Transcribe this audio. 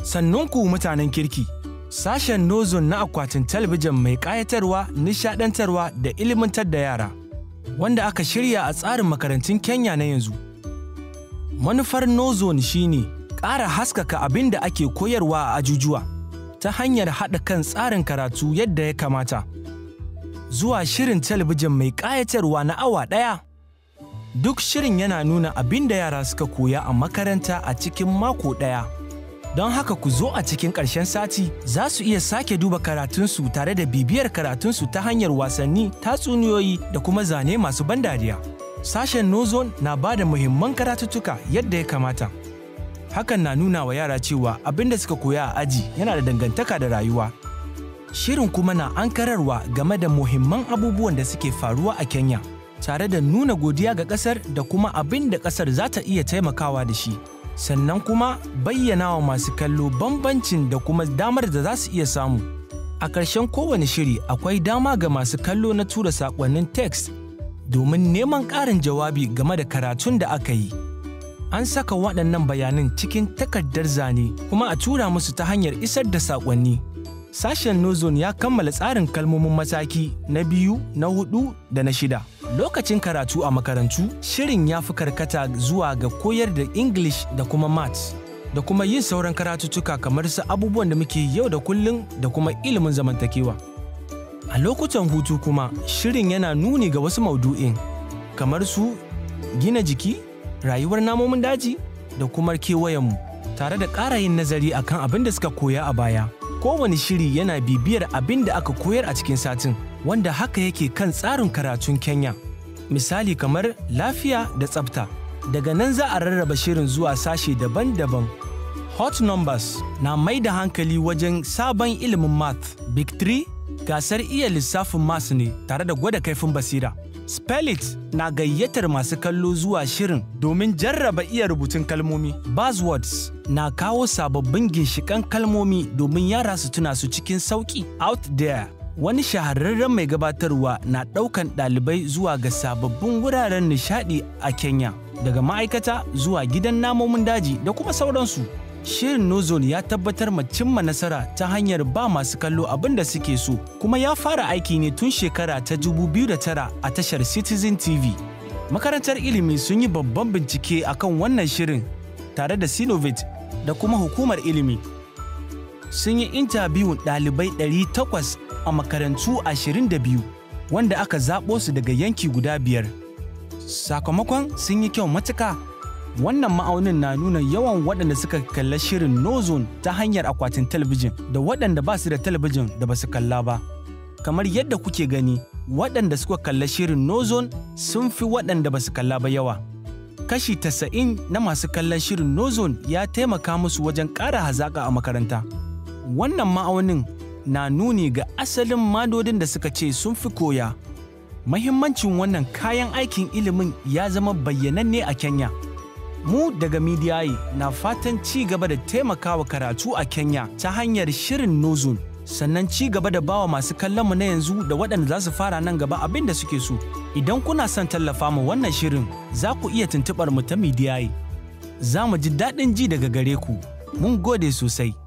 Sannan ku mutanen kirki, sashen Nozon na akwatin talabijin mai ƙayatarwa, nishaɗantarwa da ilimantar da yara, wanda aka shirya a tsarin makarantun Kenya na yanzu. Manufar Nozon shine ƙara haskaka abin da ake koyarwa a ajujuwa ta hanyar haɗa kan tsarin karatu yadda ya kamata. Zuwa shirin talabijin mai ƙayatarwa na awa ɗaya. Duk shirin yana nuna abin da yara suka koya a makaranta a cikin mako ɗaya. Don haka ku zo a cikin ƙarshen sati za su iya sake duba karatunsu tare da bibiyar karatunsu ta hanyar wasanni, tatsuniyoyi da kuma zane masu ban dariya. Sashen Nozon na ba da muhimman karatuttuka yadda ya kamata. Hakan na nuna wa yara cewa abin da suka koya a aji yana da dangantaka da rayuwa. Shirin kuma na ankararwa game da muhimman abubuwan da suke faruwa a Kenya, tare da nuna godiya ga ƙasar da kuma abin da ƙasar za ta iya taimakawa da shi. sannan kuma bayyana wa masu kallo bambancin da kuma damar da za su iya samu. A ƙarshen kowane shiri akwai dama ga masu kallo na tura saƙonnin text domin neman ƙarin jawabi game da karatun da aka yi. An saka waɗannan bayanan cikin takardar zane kuma a tura musu ta hanyar isar da saƙonni. Sashen Nozon ya kammala tsarin kalmomin mataki na biyu, na hudu da na shida. Lokacin karatu a makarantu, shirin ya fi karkata zuwa ga koyar da English da kuma Maths, da kuma yin sauran karatuttuka kamar su abubuwan da muke yau da kullum da kuma ilimin zamantakewa. A lokutan hutu kuma, shirin yana nuni ga wasu maudu'in, kamar su gina jiki, rayuwar namomin daji, da kuma kewayenmu, tare da ƙara yin nazari akan abin da suka koya a baya. kowane shiri yana bibiyar abin da aka koyar a cikin satin wanda haka yake kan tsarin karatun Kenya. Misali kamar lafiya da tsafta. Daga nan za a rarraba shirin zuwa sashe daban-daban. Hot Numbers na mai da hankali wajen sabon ilimin math. Big 3 gasar iya lissafin math ne tare da gwada kaifin basira. Spellit na gayyatar masu kallo zuwa shirin domin jarraba iya rubutun kalmomi. Buzzwords na kawo sababbin ginshikan kalmomi domin yara su tuna su cikin sauƙi. Out there wani shahararren mai gabatarwa na ɗaukan ɗalibai zuwa ga sababbin wuraren nishaɗi a Kenya, daga ma'aikata zuwa gidan namomin daji da kuma sauransu. Shirin Nozon ya tabbatar ma cimma nasara ta hanyar ba masu kallo abin da suke so kuma ya fara aiki ne tun shekara ta da tara a tashar Citizen TV. Makarantar ilimi sun yi babban bincike a kan wannan shirin tare da sinovit da kuma hukumar ilimi. Sun yi intabiyun ɗalibai takwas a makarantu ashirin da biyu, wanda aka zaɓo su daga yanki guda biyar. Sakamakon sun yi kyau matuka. Wannan ma'aunin na nuna yawan waɗanda suka kalla shirin no-zone ta hanyar akwatin talabijin da waɗanda ba su da talabijin da ba su kalla ba. Kamar yadda kuke gani, waɗanda suka kalla shirin no-zone sun fi waɗanda ba su kalla ba yawa. Kashi tasa'in na masu kallon shirin no-zone ya taimaka musu wajen ƙara hazaƙa a makaranta. Wannan ma'aunin na nuni ga asalin madodin da suka ce sun fi koya. Mahimmancin wannan kayan aikin ilimin ya zama bayyananne a Kenya. Mu daga Midiyayi na fatan ci gaba da taimakawa karatu a Kenya ta hanyar shirin Nozun, sannan ci gaba da bawa masu kallonmu na yanzu da waɗanda za su fara nan gaba abin da suke so. Idan kuna son tallafa mu wannan shirin, za ku iya tuntuɓar mu ta Midiyayi. Za mu ji daɗin ji daga gare ku. Mun gode sosai.